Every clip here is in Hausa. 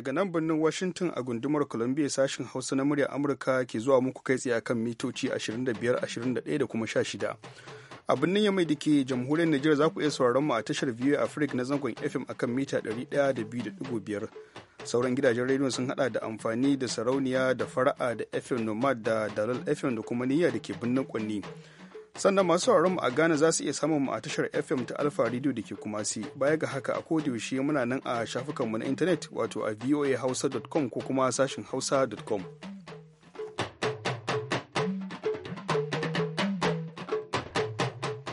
daga nan birnin Washington a gundumar Columbia sashen Hausa na murya Amurka ke zuwa muku kai tsaye akan mitoci 25, 21 da kuma 16. a birnin yamai da ke jamhuriyar Nijar za ku iya sauraron mu a tashar biyu Africa na zangon FM akan mita 102.5 sauran gidajen rediyo sun hada da amfani da sarauniya da fara'a da FM Nomad da Dalal FM da kuma niyya da ke birnin Kwanni. sannan masu sauraron mu a Ghana za su iya samun mu a tashar FM ta Alpha Radio da ke Kumasi. Baya ga haka a yaushe muna nan a shafukan mu na intanet wato a voahausa.com ko kuma sashin hausa.com.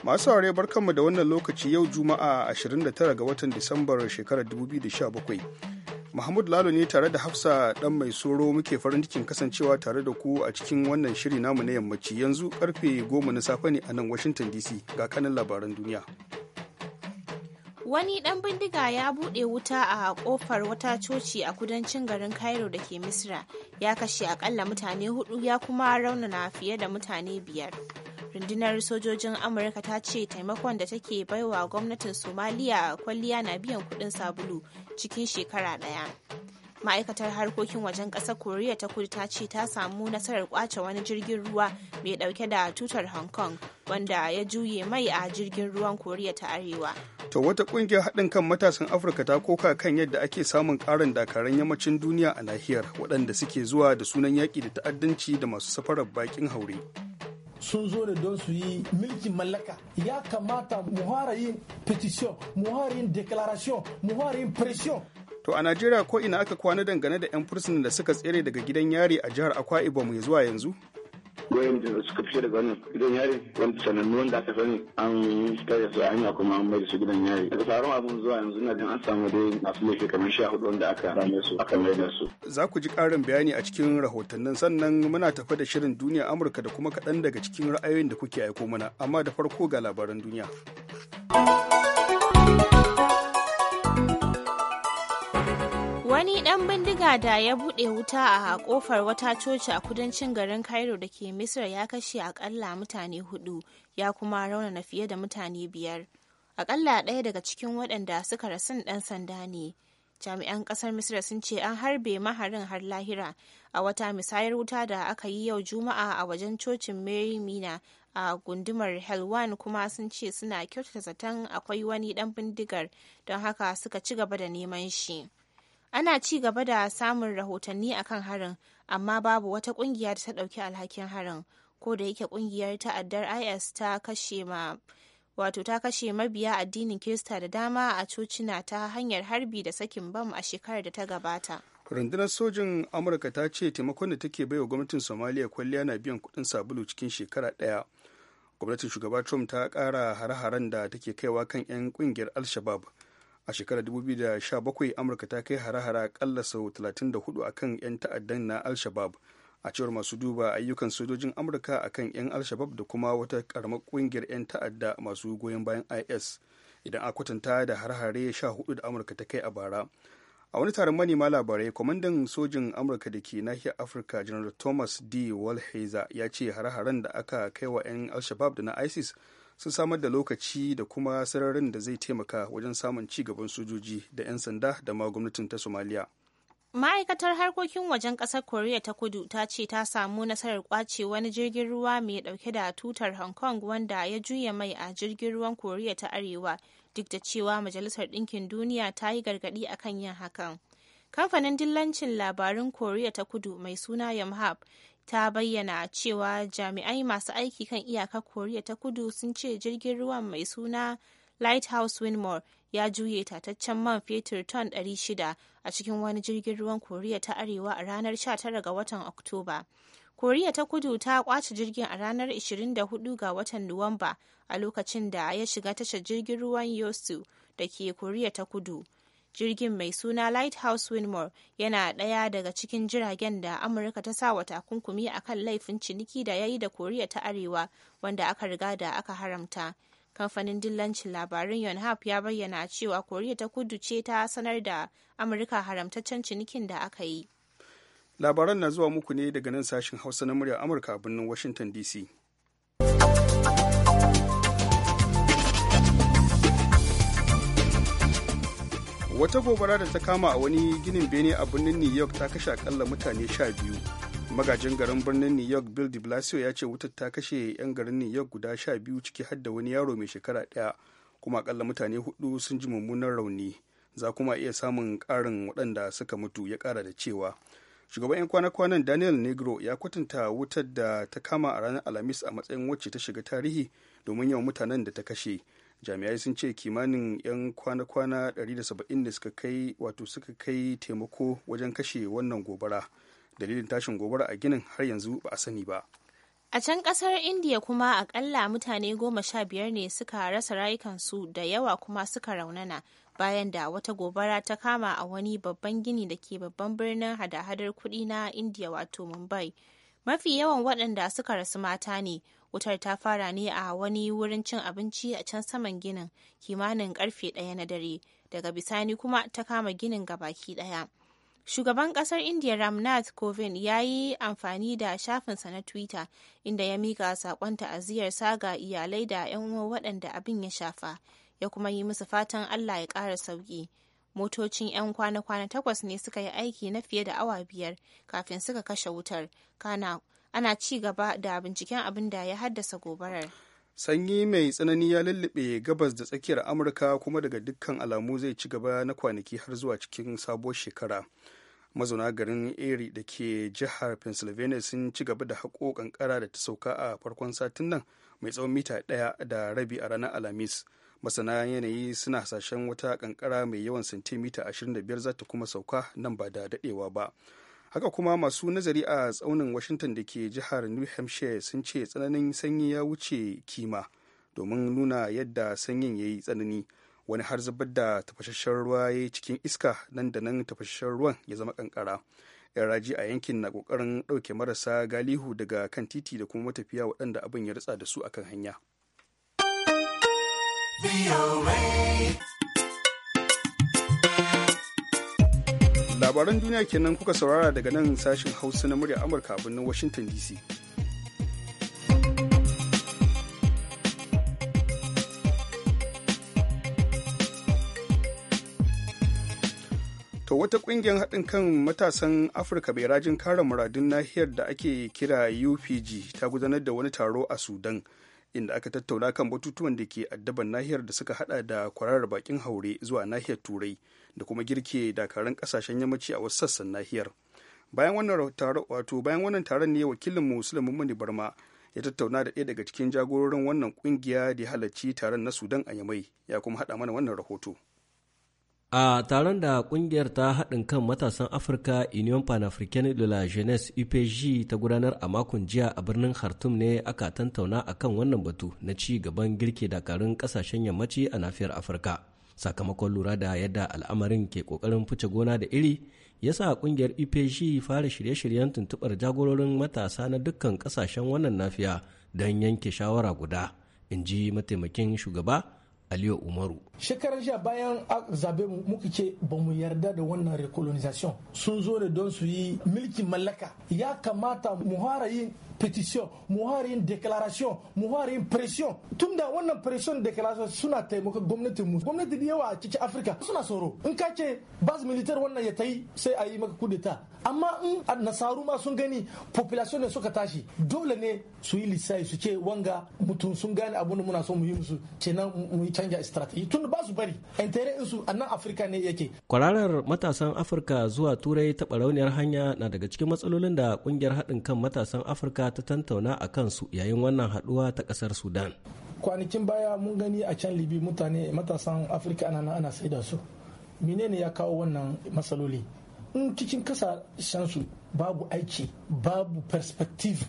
Masu saurare barkanmu da wannan lokaci yau Juma'a 29 ga watan Disambar shekarar 2017. Mahmud Lalo ne tare da Hafsa ɗan mai soro muke farin cikin kasancewa tare da ku a cikin wannan shiri namu na yammaci yanzu karfe goma na safe ne a nan Washington DC ga kanin labaran duniya. Wani ɗan bindiga ya buɗe wuta a ƙofar wata coci a kudancin garin Cairo da ke Misra ya kashe akalla mutane hudu ya kuma raunana fiye da mutane biyar. rundunar sojojin amurka ta ce taimakon da take baiwa gwamnatin somaliya kwalliya na biyan kudin sabulu cikin shekara daya ma'aikatar harkokin wajen ƙasar koriya ta kudu ta ce ta samu nasarar kwace wani jirgin ruwa mai dauke da tutar hong kong wanda ya juye mai a jirgin ruwan koriya ta arewa to wata kungiyar haɗin kan matasan afirka ta koka kan yadda ake samun ƙarin dakaran yammacin duniya a nahiyar waɗanda suke zuwa da sunan yaƙi da ta'addanci da masu safarar bakin haure sun zo ne don su yi milkin mallaka ya kamata mu fara yin petition mu fara yin declaration mu fara yin pression to a najeriya ko ina aka kwana dangane da 'yan fursunan da suka tsere daga gidan yari a jihar akwa ibom zuwa yanzu goyon da suka fice daga wannan gidan yari wanda sanannu wanda aka sani an tare su a hanya kuma an mai su gidan yari daga taron abun zuwa yanzu na jin an samu dai masu laifi kamar sha hudu wanda aka rame su aka mai su za ku ji karin bayani a cikin rahotannin sannan muna tafa da shirin duniya amurka da kuma kaɗan daga cikin ra'ayoyin da kuke aiko mana amma da farko ga labaran duniya. bindiga da ya buɗe wuta a kofar wata coci a kudancin garin cairo da ke misir ya kashe akalla mutane hudu ya kuma raunana fiye da mutane biyar akalla ɗaya daga cikin waɗanda suka rasun ɗan sanda ne jami'an ƙasar misir sun ce an harbe maharin har lahira a wata misayar wuta da aka yi yau juma'a a wajen cocin mary mina a gundumar helwan kuma sun ce suna kyautata zaton akwai wani ɗan bindigar don haka suka ci gaba da neman shi ana ci gaba da samun rahotanni akan harin amma babu wata kungiya da ta ɗauki alhakin harin ko da yake kungiyar ta'addar is ta kashe ma wato ta kashe mabiya addinin kirista da dama a cocina ta hanyar harbi da sakin bam a shekarar da ta gabata rundunar sojin amurka ta ce taimakon da take baiwa gwamnatin somaliya kwalliya na biyan kudin sabulu cikin shekara ɗaya gwamnatin shugaba trump ta kara hare-haren da take kaiwa kan 'yan kungiyar al-shabab a shekarar 2017 amurka ta kai hare-hare kalla sau 34 akan 'yan ta'addan na al-shabab a cewar masu duba ayyukan sojojin amurka akan 'yan al-shabab da kuma wata karamar kungiyar 'yan ta'adda masu goyon bayan is idan a kwatanta da hare-hare 14 da amurka ta kai a bara a wani taron manema labarai kwamandan sojin amurka da ke nahiyar afirka general thomas d walheiser ya ce hare-haren da aka kai wa 'yan al-shabab da na isis sun samar da lokaci da kuma sararin da zai taimaka wajen samun ci gaban sojoji da 'yan sanda da ma gwamnatin ta somaliya ma'aikatar harkokin wajen ƙasar koriya ta kudu ta ce ta samu nasarar kwace wani jirgin ruwa mai ɗauke da tutar hong kong wanda ya juya mai a jirgin ruwan koriya ta arewa duk da cewa majalisar ɗinkin duniya ta yi gargaɗi akan yin hakan kamfanin dillancin labarun koriya ta kudu mai suna yamhap ta bayyana cewa jami'ai masu aiki kan iyakar koriya ta kudu sun ce jirgin ruwan mai suna lighthouse winmore ya juye tataccen man fetur ton 600 a cikin wani jirgin ruwan koriya ta arewa a ranar 19 ga watan oktoba koriya ta kudu ta kwace jirgin a ranar 24 ga watan nuwamba a lokacin da ya shiga tashar jirgin ruwan yosu da ke koriya ta kudu jirgin mai suna lighthouse winmore yana ɗaya daga cikin jiragen da amurka ta sa wa takunkumi a kan laifin ciniki da ya yi da koriya ta arewa wanda aka riga da aka haramta kamfanin dillancin labarin yonhap ya bayyana cewa koriya ta kudu ce ta sanar da amurka haramtaccen cinikin da aka yi labaran na zuwa muku ne daga nan sashen hausa na murya amurka a birnin washington dc wata gobara da ta kama a wani ginin bene a birnin new york ta kashe akalla mutane sha biyu magajin garin birnin new york bill de blasio ya ce wutar ta kashe 'yan garin new york guda sha biyu ciki har da wani yaro mai shekara ɗaya kuma akalla mutane hudu sun ji mummunan rauni za kuma iya samun karin waɗanda suka mutu ya kara da cewa shugaban 'yan kwana-kwanan daniel negro ya kwatanta wutar da ta kama a ranar alhamis a matsayin wacce ta shiga tarihi domin yawan mutanen da ta kashe jami'ai sun ce kimanin 'yan kwana-kwana 170 da suka kai wato suka kai taimako wajen kashe wannan gobara dalilin tashin gobara a ginin har yanzu ba a sani ba a can kasar indiya kuma akalla mutane goma sha biyar ne suka rasa rayukansu da yawa kuma suka raunana bayan da wata gobara ta kama a wani babban gini da ke babban birnin hada-hadar kuɗi na indiya wato mumbai mafi yawan waɗanda suka rasu mata ne Wutar ta fara ne a wani wurin cin abinci a can saman ginin kimanin karfe ɗaya na dare, daga bisani kuma ta kama ginin gabaki ɗaya. Shugaban kasar India Ramnath Kovind ya yi amfani da shafinsa na Twitter inda ya mika saƙon ta'aziyarsa ga iyalai da 'yan uwa waɗanda abin ya shafa, ya kuma yi musu fatan Allah ya ƙara sauki. Motocin 'yan kwana-kwana takwas ne suka yi aiki na fiye da awa biyar kafin suka kashe wutar, kana ana ci gaba da binciken abin da ya haddasa gobarar sanyi mai tsanani ya lullube gabas da tsakiyar amurka kuma daga dukkan alamu zai ci gaba na kwanaki har zuwa cikin sabuwar shekara mazauna garin erie da ke jihar pennsylvania sun ci gaba da haƙo kankara da ta sauka a farkon satin nan mai tsawon mita ɗaya da rabi a ranar alhamis masana yanayi suna hasashen wata kankara mai yawan santimita 25 za ta kuma sauka nan ba da daɗewa ba haka kuma masu nazari a tsaunin washington da ke jihar new hampshire sun ce tsananin sanyi ya wuce kima domin nuna yadda sanyin ya yi tsanani wani har zubar da tafashashen ruwa ya yi cikin iska nan da nan tafashashen ruwan ya zama kankara yan raji a yankin na kokarin ɗauke marasa galihu daga kan titi da kuma matafiya waɗanda abin ya ritsa da su akan hanya. labaran duniya kenan kuka saurara daga nan sashin hausa na murya amurka a birnin washington dc to wata kungiyar haɗin kan matasan afirka bai rajin kare muradun nahiyar da ake kira upg ta gudanar da wani taro a sudan inda aka tattauna kan batutuwan da ke addaban nahiyar da suka hada da kwararar bakin haure zuwa nahiyar turai da kuma girke dakarun kasashen yammaci a wasu sassan nahiyar bayan wannan taron wato bayan wannan taron ne wakilin musulun mummuni barma ya tattauna da ɗaya daga cikin jagororin wannan kungiya da halarci taron na sudan a yamai ya kuma hada mana wannan rahoto a taron da kungiyar ta haɗin kan matasan afirka union pan african de la jeunesse upg ta gudanar a makon jiya a birnin khartoum ne aka tantauna akan wannan batu na ci gaban girke dakarun kasashen yammaci a nafiyar afirka sakamakon lura da yadda al'amarin ke kokarin fice gona da iri ya sa kungiyar ipg e e fara shirye-shiryen tuntubar jagororin matasa na dukkan kasashen wannan nafiya don yanke shawara guda in ji mataimakin shugaba aliyu umaru shekarar jiya bayan zabe muka ce ba mu yarda da wannan recolonization sun zo da don su yi milkin mallaka ya kamata mu fara yin petition mu fara yin declaration mu fara yin pression tunda wannan pression declaration suna taimaka gwamnati mu gwamnati da yawa a cikin afirka suna soro. in ka ce bas militar wannan ya tai sai a yi maka kudeta amma in nasaru ma sun gani population ne suka tashi dole ne su yi lissafi su ce wanga mutum sun gane abun da muna so mu yi musu ce nan mu yi canja strategy tun ba su bari intere su a afirka ne yake kwararar matasan afirka zuwa turai ta barauniyar hanya na daga cikin matsalolin da kungiyar haɗin kan matasan afirka ta tantauna a kansu yayin wannan haduwa ta kasar Sudan. Kwanakin baya mun gani a can Libi mutane matasan Afirka ana nan ana sai da su. Menene ya kawo wannan matsaloli? In cikin kasashen su babu aiki, babu perspective,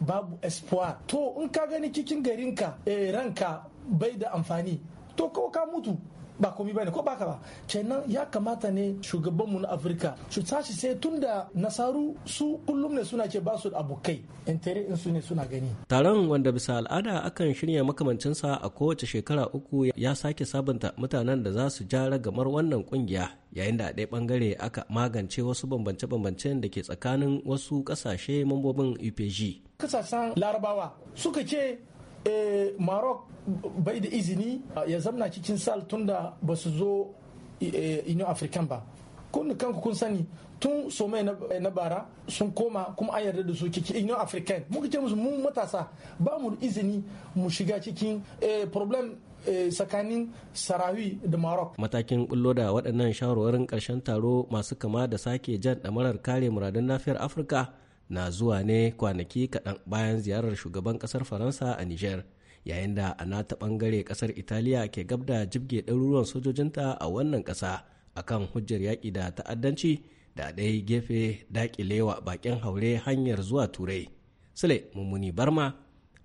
babu espoir. To in ka gani cikin garinka, eh, ranka bai da amfani. To kawo ka mutu ba komi bane ko baka ba kenan ya kamata ne shugabanmu na afirka su tashi sai da nasaru su kullum ne suna ce ba su abokai intere in su ne suna gani taron wanda bisa al'ada akan shirya makamancinsa a kowace shekara uku ya sake sabunta mutanen da za su ja gamar wannan kungiya yayin da a ɗaya bangare aka magance wasu bambance-bambancen da ke tsakanin wasu ƙasashe mambobin upg kasashen larabawa suka ce Eh, maroc bai da izini ah, ya zamna cikin sal tunda ba su zo eh, Union African ba. Kun kanku kun sani tun somai eh, na bara sun koma kuma an yarda da su cikin union african muka ce musu mun matasa ba mu izini mu shiga cikin problem tsakanin sarawi da maroc matakin bullo da waɗannan shawarwarin ƙarshen taro masu kama da sake jan ɗamarar kare muradun lafiyar afirka na zuwa ne kwanaki kaɗan bayan ziyarar shugaban ƙasar faransa a niger yayin da a ta ɓangare ƙasar italiya ke gab da jibge ɗaruruwan sojojinta a wannan ƙasa akan hujjar yaƙi da ta'addanci da ɗaya gefe daƙilewa baƙin haure hanyar zuwa turai sule mummuni barma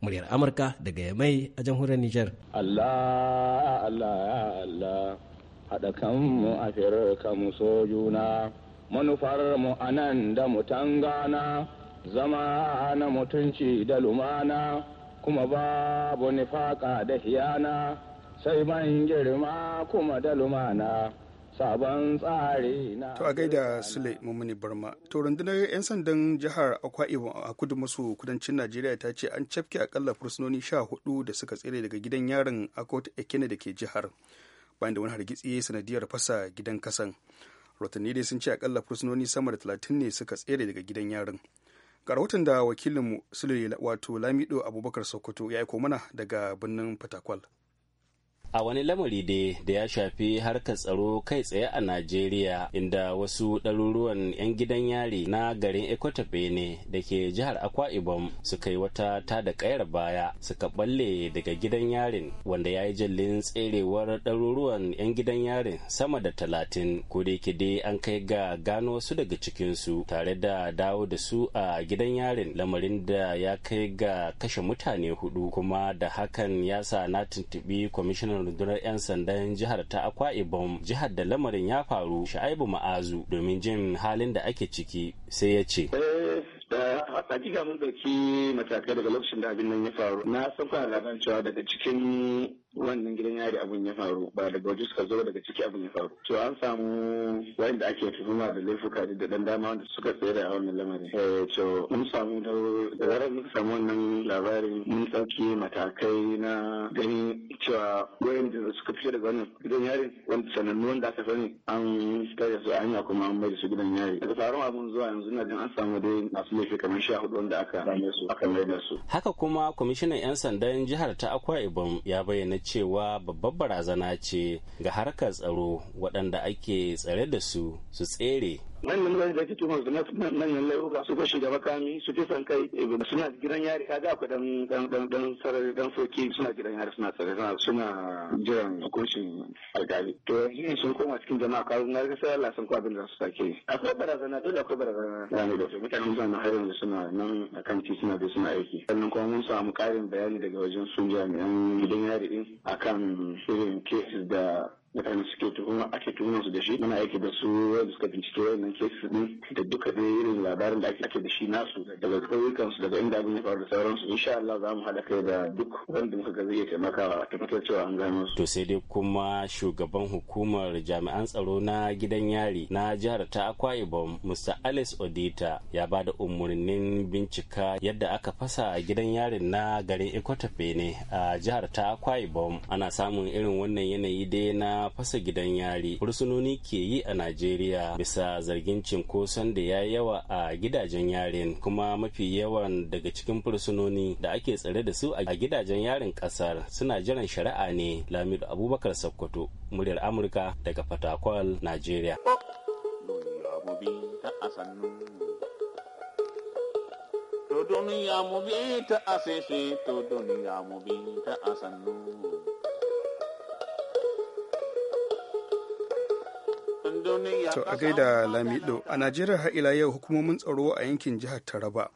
muryar amurka daga yamai a jamhuriyar niger allah allah allah haɗa kanmu a mu so juna manufarmu mu anan da mutan gana zama na mutunci da lumana kuma babu nifaka da hiyana sai ban girma kuma da lumana sabon tsari na to a gaida sule mummuni barma to rundunar 'yan sandan jihar akwa ibom a kudu maso kudancin najeriya ta ce an cafke akalla fursunoni sha hudu da suka tsere daga gidan yarin akota ekene da ke jihar bayan da wani hargitsi sanadiyar fasa gidan kasan rotanni dai sun ce akalla fursunoni sama da talatin ne suka tsere daga gidan yarin ga rahoton da wakilinmu sule wato lamido abubakar sokoto ya aiko mana daga birnin fatakwal a wani lamari dai da ya shafi harkar tsaro kai tsaye a najeriya inda wasu ɗaruruwan 'yan gidan yari na garin ekotafe ne da ke jihar akwa ibom suka yi wata ta da kayar baya suka balle daga gidan yarin wanda ya yi jallin tserewar ɗaruruwan 'yan gidan yarin sama da talatin kodayake dai an kai ga gano wasu daga cikinsu tare da dawo da su a gidan yarin lamarin da ya kai ga kashe mutane hudu kuma da hakan ya sa na tuntuɓi kwamishinan rundunar 'yan sandan jihar ta akwa ibom jihar da lamarin ya faru sha'aibu ma'azu domin jin halin da ake ciki sai ya ce eh, hakika mun dauki matakai daga lokacin da abin nan ya faru na san kuna labarin cewa daga cikin wannan gidan yari abun ya faru ba daga waje suka zo daga ciki abun ya faru to an samu wanda ake tuhuma da laifuka da dan dama wanda suka tsere a wannan lamarin eh to mun samu da zarar mun samu wannan labarin mun dauki matakai na gani cewa da suka fice daga wannan gidan yari wanda sanannu wanda aka sani an tare su anya hanya kuma an mai su gidan yari daga faruwar abun zuwa yanzu na jin an samu dai masu laifi kamar sha hudu wanda aka same su aka su haka kuma kwamishinan yan sandan jihar ta akwa ibom ya bayyana cewa babbar barazana ce ga harkar tsaro waɗanda ake tsare da su su tsere manyan mutane da ake nan, su nan, manyan laifuka su fashi da makami su fi san kai eh, suna gidan yari kaga akwai dan dan dan dan sarari dan soki suna gidan yari suna tsare suna jiran hukuncin alkali to yanzu sun koma cikin jama'a ka na ga sai Allah san ko abin da su sake akwai barazana dole akwai barazana Na ne da su mutanen musan na harin da suna nan akan suna da suna aiki sannan kuma mun samu karin bayani daga wajen sun jami'an gidan yari din akan irin cases da mutane suke tuhuma ake tuhuma su da shi muna aiki da su wanda suka bincike wannan cases ne da duka da irin labarin da ake da shi nasu daga kauyukan su daga inda abin ya faru da su insha Allah za mu haɗa kai da duk wanda muka ga zai taimaka taimakawa a tabbatar cewa an gano su. To sai dai kuma shugaban hukumar jami'an tsaro na gidan yari na jihar ta akwai Ibom Mr. Alice Odita ya ba da umarnin bincika yadda aka fasa gidan yarin na garin Ikotafe ne a jihar ta Akwa bom ana samun irin wannan yanayi dai na fasa gidan yari fursunoni ke yi a najeriya bisa zargin cinkoson da ya yawa a gidajen yarin kuma mafi yawan daga cikin fursunoni da ake tsare da su a gidajen yarin kasar suna jiran shari'a ne lamir abubakar sokoto muryar amurka daga fatakwal najeriya To duniya mu bi ta asese, to duniya mu bi ta asannu. To a gaida Lamido, a Najeriya har ila yau hukumomin tsaro a yankin jihar Taraba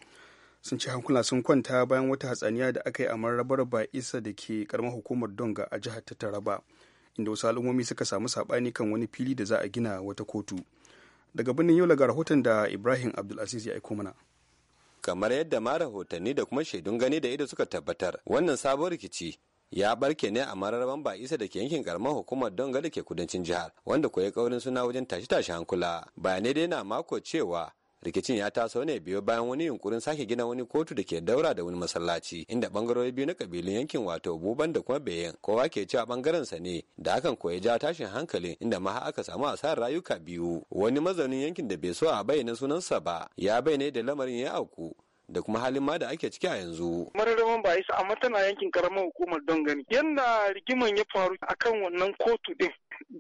sun ci hankula sun kwanta bayan wata hatsaniya da aka yi a marabar ba isa da ke karamar hukumar Donga a jihar ta Taraba, inda wasu al'ummomi suka samu saɓani kan wani fili da za a gina wata kotu. Daga birnin yau daga rahoton da Ibrahim Abdulaziz ya aiko mana. kamar yadda ma rahotanni da kuma shaidun gani da ido suka tabbatar wannan sabon rikici ya barke ne a mararaban ba isa da ke yankin karamar hukumar donga da ke kudancin jihar wanda ya kaurin suna wajen tashi-tashi hankula bayanai dai na mako cewa rikicin ya taso ne biyo bayan wani yunkurin sake gina wani kotu da ke daura da wani masallaci inda bangarori biyu na kabilun yankin wato buban da kuma beyin kowa ke cewa bangaren sa ne da hakan koyi ja tashin hankalin inda ma aka samu asarar rayuka biyu wani mazaunin yankin da bai so a bayyana sunansa ba ya bayyana da lamarin ya auku da kuma halin ma da ake ciki a yanzu. Mararraman ba isa amma tana yankin karamar hukumar don gani. Yanda rigiman ya faru akan wannan kotu din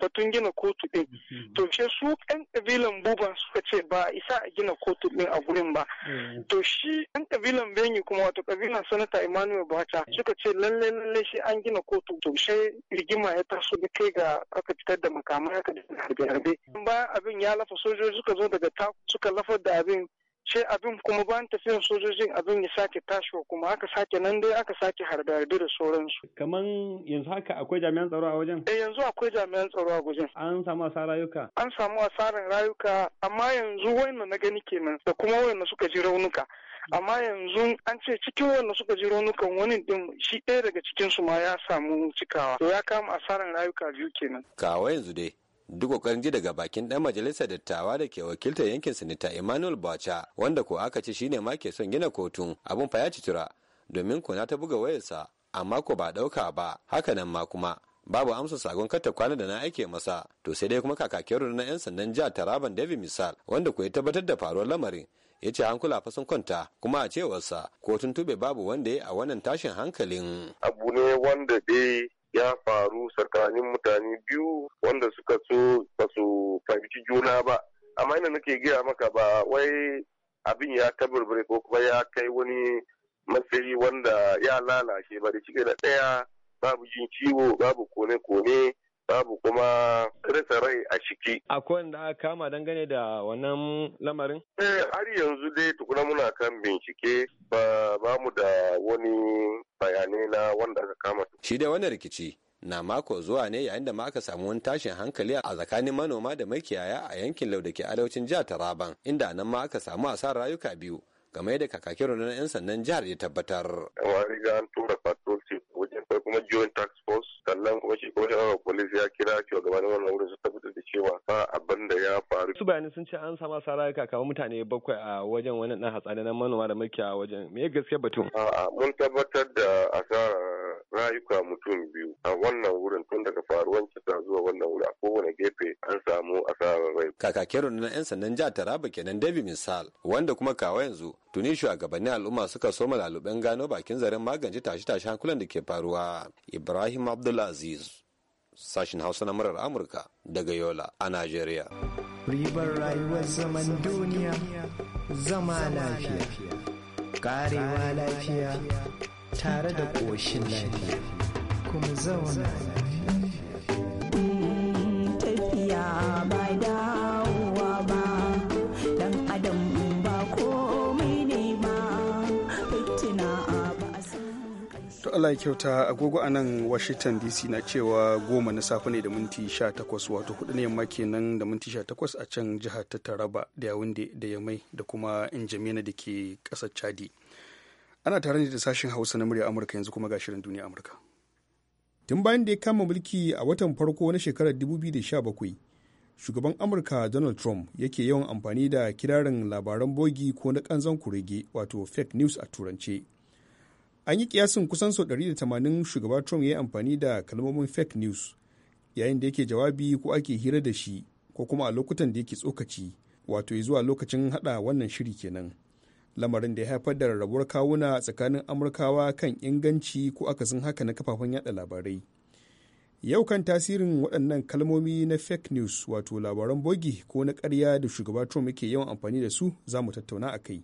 batun gina kotu ɗin. Mm-hmm. To she su ɗan ƙabilan buba suka ce ba isa a gina kotu ɗin a gurin ba. Mm-hmm. To shi ɗan ƙabilan benyi kuma wato ƙabilan sanata Emmanuel Bata mm-hmm. suka ce lallai lallai shi an gina kotu. To she rigima ya taso da kai ga aka fitar da makamai aka da harbe harbe. Bayan abin ya lafa sojoji suka zo daga taku suka lafa da abin sai abin kuma ban tafiyar sojojin abin ya sake tashiwa kuma aka sake nan dai aka sake harbe-harbe da sauransu. Kaman yanzu haka akwai jami'an tsaro a wajen? Eh yanzu akwai jami'an tsaro a wajen. An samu asarar rayuka? An samu asarar rayuka amma yanzu wayanda na gani kenan da kuma wayanda suka ji raunuka. amma yanzu an ce cikin wanda suka ji raunukan wani din shi ɗaya daga cikinsu ma ya samu cikawa to ya kama asarar rayuka biyu kenan. Kawa yanzu dai duk kokarin ji daga bakin ɗan majalisar dattawa da ke wakiltar yankin sinita emmanuel bacha wanda ko aka ce shine ma ke son gina kotun abun fa ya ci tura, domin ko na ta buga wayarsa amma ko ba ɗauka ba hakanan ma kuma babu amsa sagon kata kwana da na aike masa to sai dai kuma kakakin na yan sandan jihar taraban david misal wanda ko ya tabbatar da faruwar lamarin ya ce hankula fa sun kwanta kuma a cewarsa kotun tube babu wanda ya a wannan tashin hankalin abu ne wanda dai ya faru tsakanin mutane biyu wanda suka so ba su fahimci juna ba amma ina nake gaya maka ba wai abin ya taburbure ko kuma ya kai wani matsayi wanda ya lalace ba da cike da ɗaya babu jin ciwo babu kone-kone babu kuma rasa rai a ciki. Akwai wanda kama dangane da wannan lamarin? Eh, har yanzu dai tukuna muna kan bincike ba ba mu da wani bayanai na wanda aka kama. Shi da wani rikici na mako zuwa ne yayin da ma aka samu wani tashin hankali a tsakanin manoma da makiyaya a yankin lau da ke arewacin jihar Taraban inda nan ma aka samu asarar rayuka biyu game da kakakin rundunar 'yan sandan jihar ya tabbatar. Wari ga an tura fato kuma joint tax force sannan kuma shi kuma police ya kira shugabannin wannan wurin su tabbatar da cewa ba abin da ya faru su bayanin sun ce an sama sara ka kawo mutane bakwai a wajen wani dan hatsari na manoma da mulki a wajen me gaskiya batun a'a mun tabbatar da asara. rayuka mutum biyu a wannan wurin tun daga faruwan kisa zuwa wannan wuri a kowane gefe an samu asarar rai. Kakakin na 'yan sandan jihar Taraba kenan David Misal wanda kuma kawo yanzu tuni shugabannin al'umma suka soma lalubin gano bakin zaren magance tashe-tashe hankulan da ke faruwa. Ibrahim Abdulaziz. Sashin Hausa na murar Amurka daga Yola a Najeriya. Ribar rayuwar zaman duniya zama lafiya, karewa lafiya tare da ƙoshin lafiya kuma zauna tafiya ba dawowa ba dan adam ba komai ne ba fitina to Allah ya kyauta agogo a nan Washington DC na cewa goma na safe ne da minti 18 wato hudu ne yamma kenan da minti 18 a can jihar ta Taraba da Yaounde da Yamai da kuma Injamena da ke kasar Chadi. ana tare da sashen hausa na murya amurka yanzu kuma ga shirin duniya amurka tun bayan da ya kama mulki a watan farko na shekarar 2017 shugaban amurka donald trump yake yawan amfani da kirarin labaran bogi ko na kanzan kurege wato fake news a turance an yi kiyasin kusan sau 180 shugaba trump ya yi amfani da kalmomin fake news yayin da yake jawabi ko ake hira da shi ko kuma a lokutan da yake tsokaci wato zuwa lokacin hada wannan shiri kenan lamarin da ya haifar da rarrabuwar kawuna tsakanin amurkawa kan inganci ko akasin haka na kafafen yada labarai yau kan tasirin waɗannan kalmomi na fake news wato labaran bogi ko na ƙarya da shugaba trump yake yawan amfani da su za mu tattauna a kai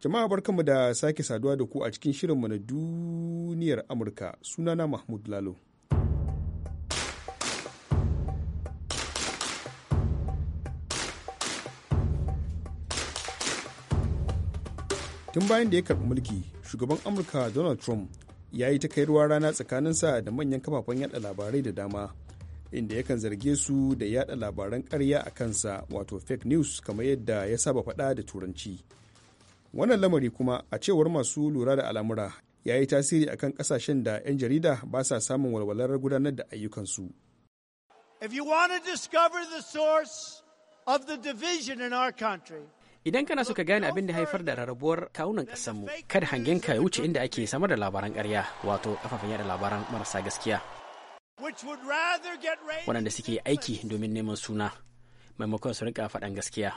jama'a barkanmu da sake saduwa da ku a cikin shirinmu na duniyar amurka sunana mahmud lalo tun bayan da ya karbi mulki shugaban amurka donald trump ya yi ta kairuwa rana tsakaninsa da manyan kafafen yada labarai da dama inda yakan zarge su da yada labaran karya a kansa wato fake news kamar yadda ya saba faɗa da turanci wannan lamari kuma a cewar masu lura da al'amura ya yi tasiri akan kasashen da 'yan jarida ba sa samun walwalar gudanar da ayyukansu If you want to discover the source of the division in our country, Idan kana so ka gane abin da haifar da rarrabuwar kawunan mu kada hangen ka ya wuce inda ake samar da labaran ƙarya, wato kafafen yada labaran marasa gaskiya. Waɗanda suke aiki domin neman suna, maimakon su rika faɗan gaskiya.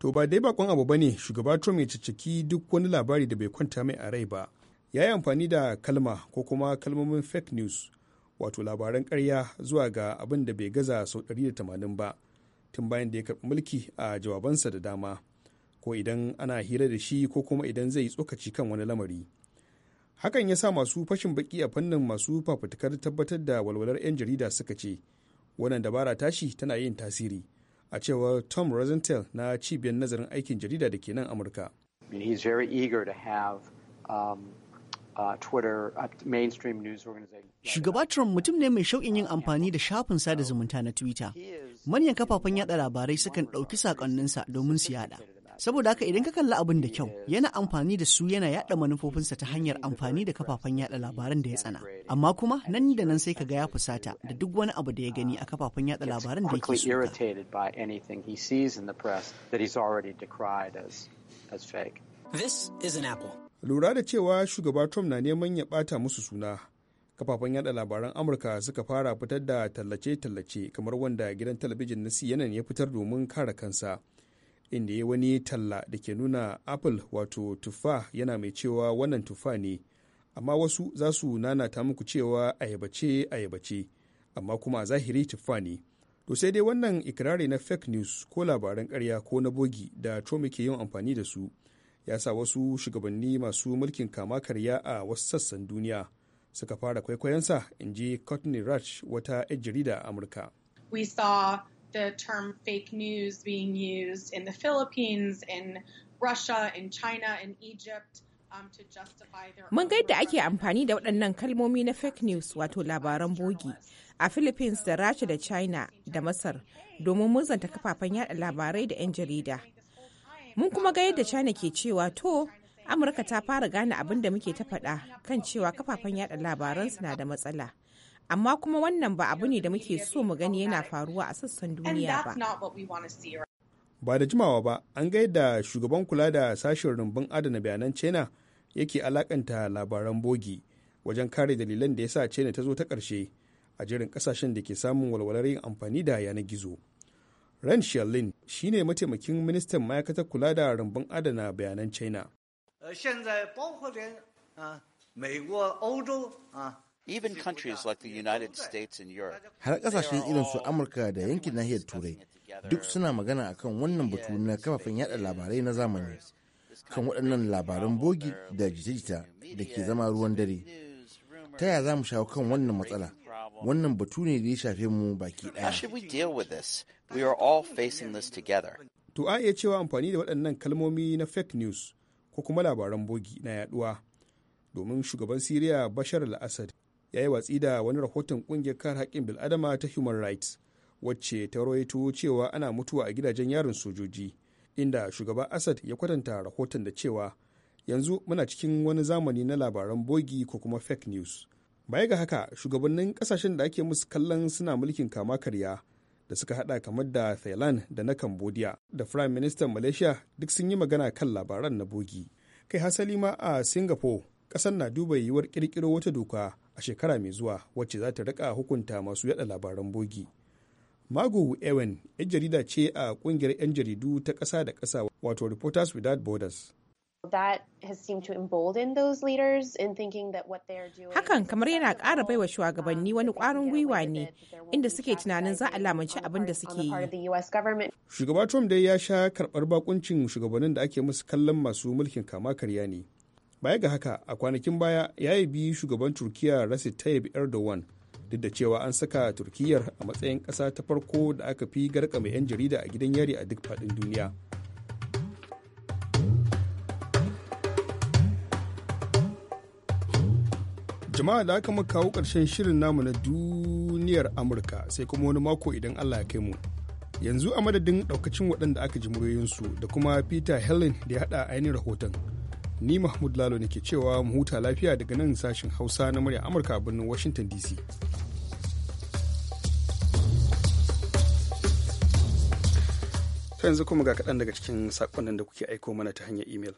To ba dai bakon abu bane shugaba Trump mai cicciki duk wani labari da bai kwanta mai a rai ba. Ya yi amfani da kalma ko kuma kalmomin fake news wato labaran karya zuwa ga abin da bai gaza sau 180 ba tun bayan da ya karɓi mulki a jawabansa da dama ko idan ana hira da shi ko kuma idan zai tsokaci kan wani lamari hakan ya sa masu fashin baki a fannin masu fafutukar tabbatar da walwalar 'yan jarida suka ce wannan dabara tashi tana yin tasiri a cewar tom rosenthal na cibiyar nazarin aikin jarida da ke nan amurka Shugaba Trump mutum ne mai shauƙin yin amfani da shafin sada zumunta na Twitter. Manyan kafafen yada labarai sukan ɗauki saƙonninsa domin su yada. Saboda haka idan ka kalli abin da kyau, yana amfani da su yana yada manufofinsa ta hanyar amfani da kafafen yada labaran da ya tsana. Amma kuma nan da nan sai ka ga ya fusata da duk wani abu da ya gani a kafafen yada labaran da yake suka. This is an apple. lura da cewa shugaba trump na neman ya bata musu suna kafafen yada labaran amurka suka fara fitar da tallace-tallace kamar wanda gidan talabijin na cnn ya fitar domin kare kansa inda ya wani talla da ke nuna apple wato tufa yana mai cewa wannan tufa ne amma wasu za su nanata muku cewa ayabace ayabace amma kuma a zahiri tuffa ne to sai dai wannan ikirari na fake news ko labaran karya ko na bogi da trump ke yin amfani da su ya sa wasu shugabanni masu mulkin kama karya a wasu sassan duniya suka fara kwaikwayonsa in ji courtney rush wata 'yan jarida a amurka we saw the term fake news being in the philippines in in china in egypt um, Mun ga yadda ake amfani da waɗannan kalmomi na fake news wato labaran bogi a Philippines da Rasha da China da Masar domin zanta kafafen yada labarai da 'yan jarida. mun kuma ga yadda china ke cewa to amurka ta fara gane abin da muke ta faɗa kan cewa kafafen yada labaran na da matsala amma kuma wannan ba abu ne da muke so mu gani yana faruwa a sassan duniya ba ba da jimawa ba an ga yadda shugaban kula da sashen rumbun adana bayanan china yake alakanta labaran bogi wajen kare dalilan da ya sa china ta zo ta ƙarshe a jirin ƙasashen da ke samun walwalar yin amfani da yanar gizo Ren Sherlin shi ne mataimakin ministan ma'aikatar kula da rumbun adana bayanan China. Uh, uh, uh, Even countries like the United States and Europe. Har ƙasashen irin su Amurka da yankin nahiyar Turai duk suna magana akan wannan batu na kafafen yada labarai na zamani kan waɗannan labaran bogi da jita-jita da ke zama ruwan dare. Ta ya za mu shawo kan wannan matsala? Wannan batu ne da ya shafe mu baki ɗaya. To a iya cewa amfani da waɗannan kalmomi na fake news ko kuma labaran bogi na yaduwa domin shugaban Siriya Bashar al-Assad ya yi watsi da wani rahoton ƙungiyar kar haƙƙin bil'adama ta Human Rights wacce ta rawaito cewa ana mutuwa a gidajen yarin sojoji inda shugaban Assad ya kwatanta rahoton da cewa yanzu muna cikin wani zamani na labaran bogi ko kuma fake news. baya ga haka shugabannin kasashen da ake musu kallon suna mulkin kama karya da suka hada kamar da thailand da na cambodia da prime minister malaysia duk sun yi magana kan labaran na bogi kai hasali ma a singapore kasar na duba yiwuwar kirkiro wata doka a shekara mai zuwa wacce za ta rika hukunta masu yada labaran bogi mago ewen 'yan jarida ce a kungiyar 'yan jaridu ta kasa da kasa wato reporters without borders Hakan kamar yana ƙara baiwa shugabanni wani um, ƙwarin gwiwa ne inda suke tunanin za a lamunci abin da suke yi. Shugaba Trump dai ya sha karɓar bakuncin shugabannin da ake musu kallon masu mulkin kama karya ne. Baya ga haka a kwanakin baya ya yi biyu shugaban Turkiyya Recep Tayyip Erdogan duk da cewa an saka Turkiyyar a matsayin ƙasa ta farko da aka fi garkame 'yan jarida a gidan yari a duk faɗin duniya. jama'a da aka maka kawo ƙarshen shirin namu na duniyar amurka sai kuma wani mako idan allah ya kai mu yanzu a madadin ɗaukacin waɗanda aka ji su da kuma peter helen da ya haɗa ainihin rahoton ni mahmud lalo ne ke cewa mu huta lafiya daga nan sashen hausa na murya amurka a birnin washington dc yanzu kuma ga kaɗan daga cikin saƙonnin da kuke aiko mana ta hanyar imel.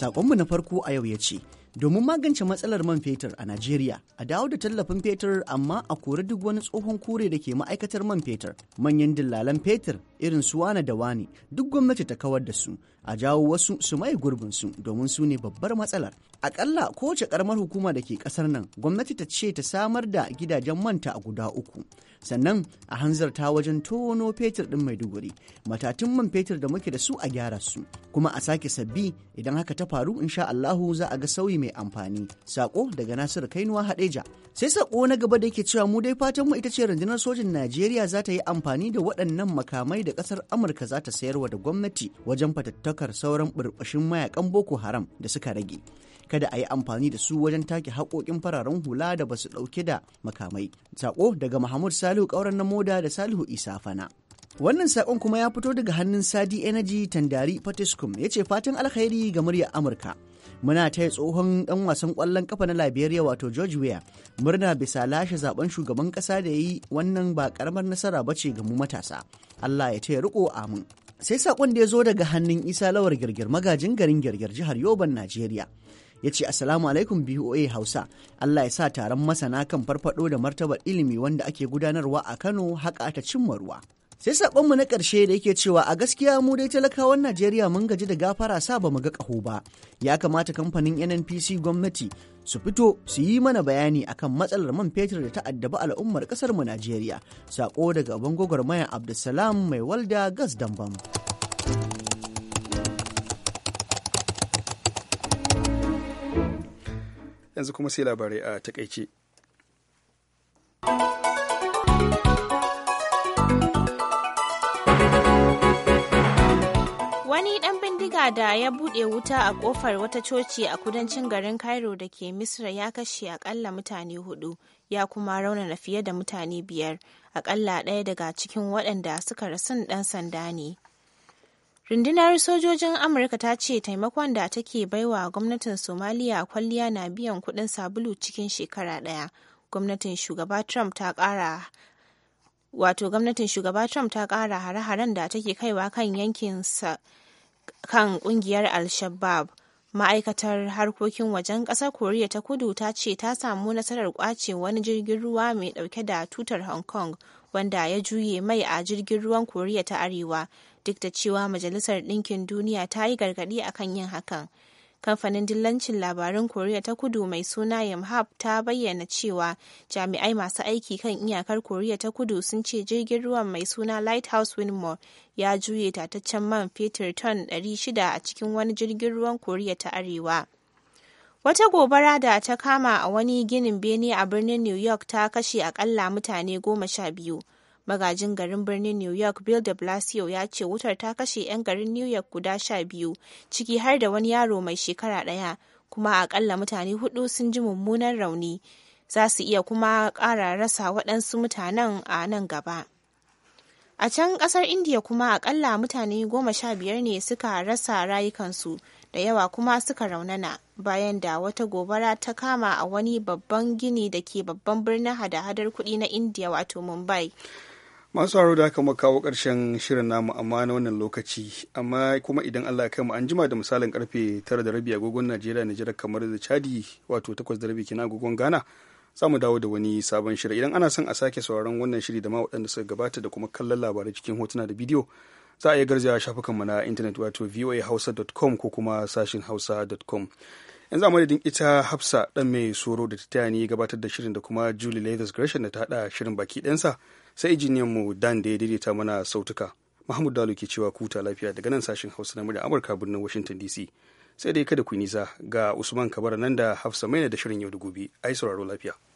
Sakonmu na farko a yau ya ce, domin magance matsalar man fetur a Najeriya, a dawo da tallafin fetur amma a kori duk wani tsohon kore da ke ma'aikatar man fetur, manyan dillalan fetur irin su wane da wane, duk gwamnati ta kawar da su, a jawo wasu su mai gurbin su domin su ne babbar matsalar. Akalla kowace karamar hukuma da ke kasar nan gwamnati ta ce ta samar da gidajen manta a guda uku. Sannan a hanzarta wajen tono fetur ɗin Maiduguri, matatun man fetur da muke da su a gyara su, kuma a sake sabbi idan haka ta faru insha Allahu za a ga sauyi mai amfani. Sako daga Nasiru Kainuwa Hadeja. Sai sako na gaba da yake cewa mu dai fatan mu ita ce rundunar sojin Najeriya za ta yi amfani da waɗannan makamai da ƙasar Amurka za ta sayarwa da gwamnati wajen fatattakar sauran burbushin mayakan Boko Haram da suka rage. kada a yi amfani da su wajen take haƙoƙin fararen hula da ba su ɗauke da makamai. Sako daga Mahmud Salihu ƙauren na moda da Salihu Isa Fana. Wannan saƙon kuma ya fito daga hannun Sadi Energy Tandari Fatiskum ya ce fatan alkhairi ga muryar Amurka. Muna taya tsohon ɗan wasan ƙwallon ƙafa na Liberia wato George Weah murna bisa lashe zaben shugaban ƙasa da yi wannan ba karamar nasara bace ga mu matasa. Allah ya taya riko amin. Sai saƙon da ya zo daga hannun Isa Lawar Girgir magajin garin Girgir jihar Yoban Najeriya. ya ce assalamu alaikum BOA Hausa Allah ya sa taron masana kan farfado da martabar ilimi wanda ake gudanarwa a Kano haka ta cimma ruwa. Sai sabonmu na ƙarshe da yake cewa a gaskiya mu dai talakawan Najeriya mun gaji da gafara sa ba mu ga ƙaho ba. Ya kamata kamfanin NNPC gwamnati su fito su yi mana bayani akan matsalar man fetur da ta al'ummar ƙasar mu Najeriya. Saƙo daga bango maya Abdulsalam mai walda gas dambam. yanzu kuma sai labarai a takaice. Wani ɗan bindiga da ya buɗe wuta a ƙofar wata coci a kudancin garin Cairo da ke Misra ya kashe aƙalla mutane hudu ya kuma raunana fiye da mutane biyar, aƙalla ɗaya daga cikin waɗanda suka rasun ɗan sanda ne. Rundunar sojojin Amurka ta ce taimakon da take baiwa gwamnatin Somaliya kwalliya na biyan kuɗin sabulu cikin shekara ɗaya. Gwamnatin shugaba Trump ta ƙara wato gwamnatin shugaba Trump ta ƙara hare-haren da take kaiwa kan yankin sa kan ƙungiyar Al-Shabaab. Ma'aikatar harkokin wajen ƙasar Koriya ta kudu ta ce ta samu nasarar kwace wani jirgin ruwa mai ɗauke da tutar Hong Kong wanda ya juye mai a jirgin ruwan Koriya ta Arewa duk da cewa majalisar ɗinkin duniya ta yi gargaɗi a kan yin hakan kamfanin dillancin labarun koriya ta kudu mai suna yamhap ta bayyana cewa jami'ai masu aiki kan iyakar koriya ta kudu sun ce jirgin ruwan mai suna lighthouse winmore ya juye tataccen man fetur ton 600 a cikin wani jirgin ruwan koriya ta arewa Wata gobara da ta kama a wani ginin bene a birnin New York ta kashe akalla mutane goma sha biyu, magajin garin birnin new york bill de blasio ya ce wutar ta kashe 'yan garin new york guda sha biyu ciki har da wani yaro mai shekara ɗaya kuma akalla mutane hudu sun ji mummunan rauni za su iya kuma ƙara rasa waɗansu mutanen a nan gaba a can ƙasar india kuma akalla mutane goma sha biyar ne suka rasa rayukansu da yawa kuma suka raunana bayan da wata gobara ta kama a wani babban gini da ke babban birnin hada-hadar kudi na india wato mumbai masu haro da aka kawo ƙarshen shirin namu amma na wannan lokaci amma kuma idan allah ya mu an jima da misalin karfe tara da rabi agogon najeriya nijar kamar da chadi wato takwas da rabi kina agogon ghana za mu dawo da wani sabon shirin idan ana son a sake sauraron wannan shiri da ma waɗanda suka gabata da kuma kallon labarai cikin hotuna da bidiyo za a iya garzawa shafukanmu na intanet wato voahausa.com ko kuma sashin hausa.com yanzu a madadin ita hafsa ɗan mai soro da ta taya ni gabatar da shirin da kuma julie leathers gresham da ta haɗa shirin baki ɗansa sai injiniyan mu dan da ya daidaita mana sautuka mahmud dalu ke cewa kuta lafiya daga nan sashen hausa na murya amurka birnin washington dc sai dai kada ku nisa ga usman kabara nan da hafsa maina da shirin yau da gobe ai sauraro lafiya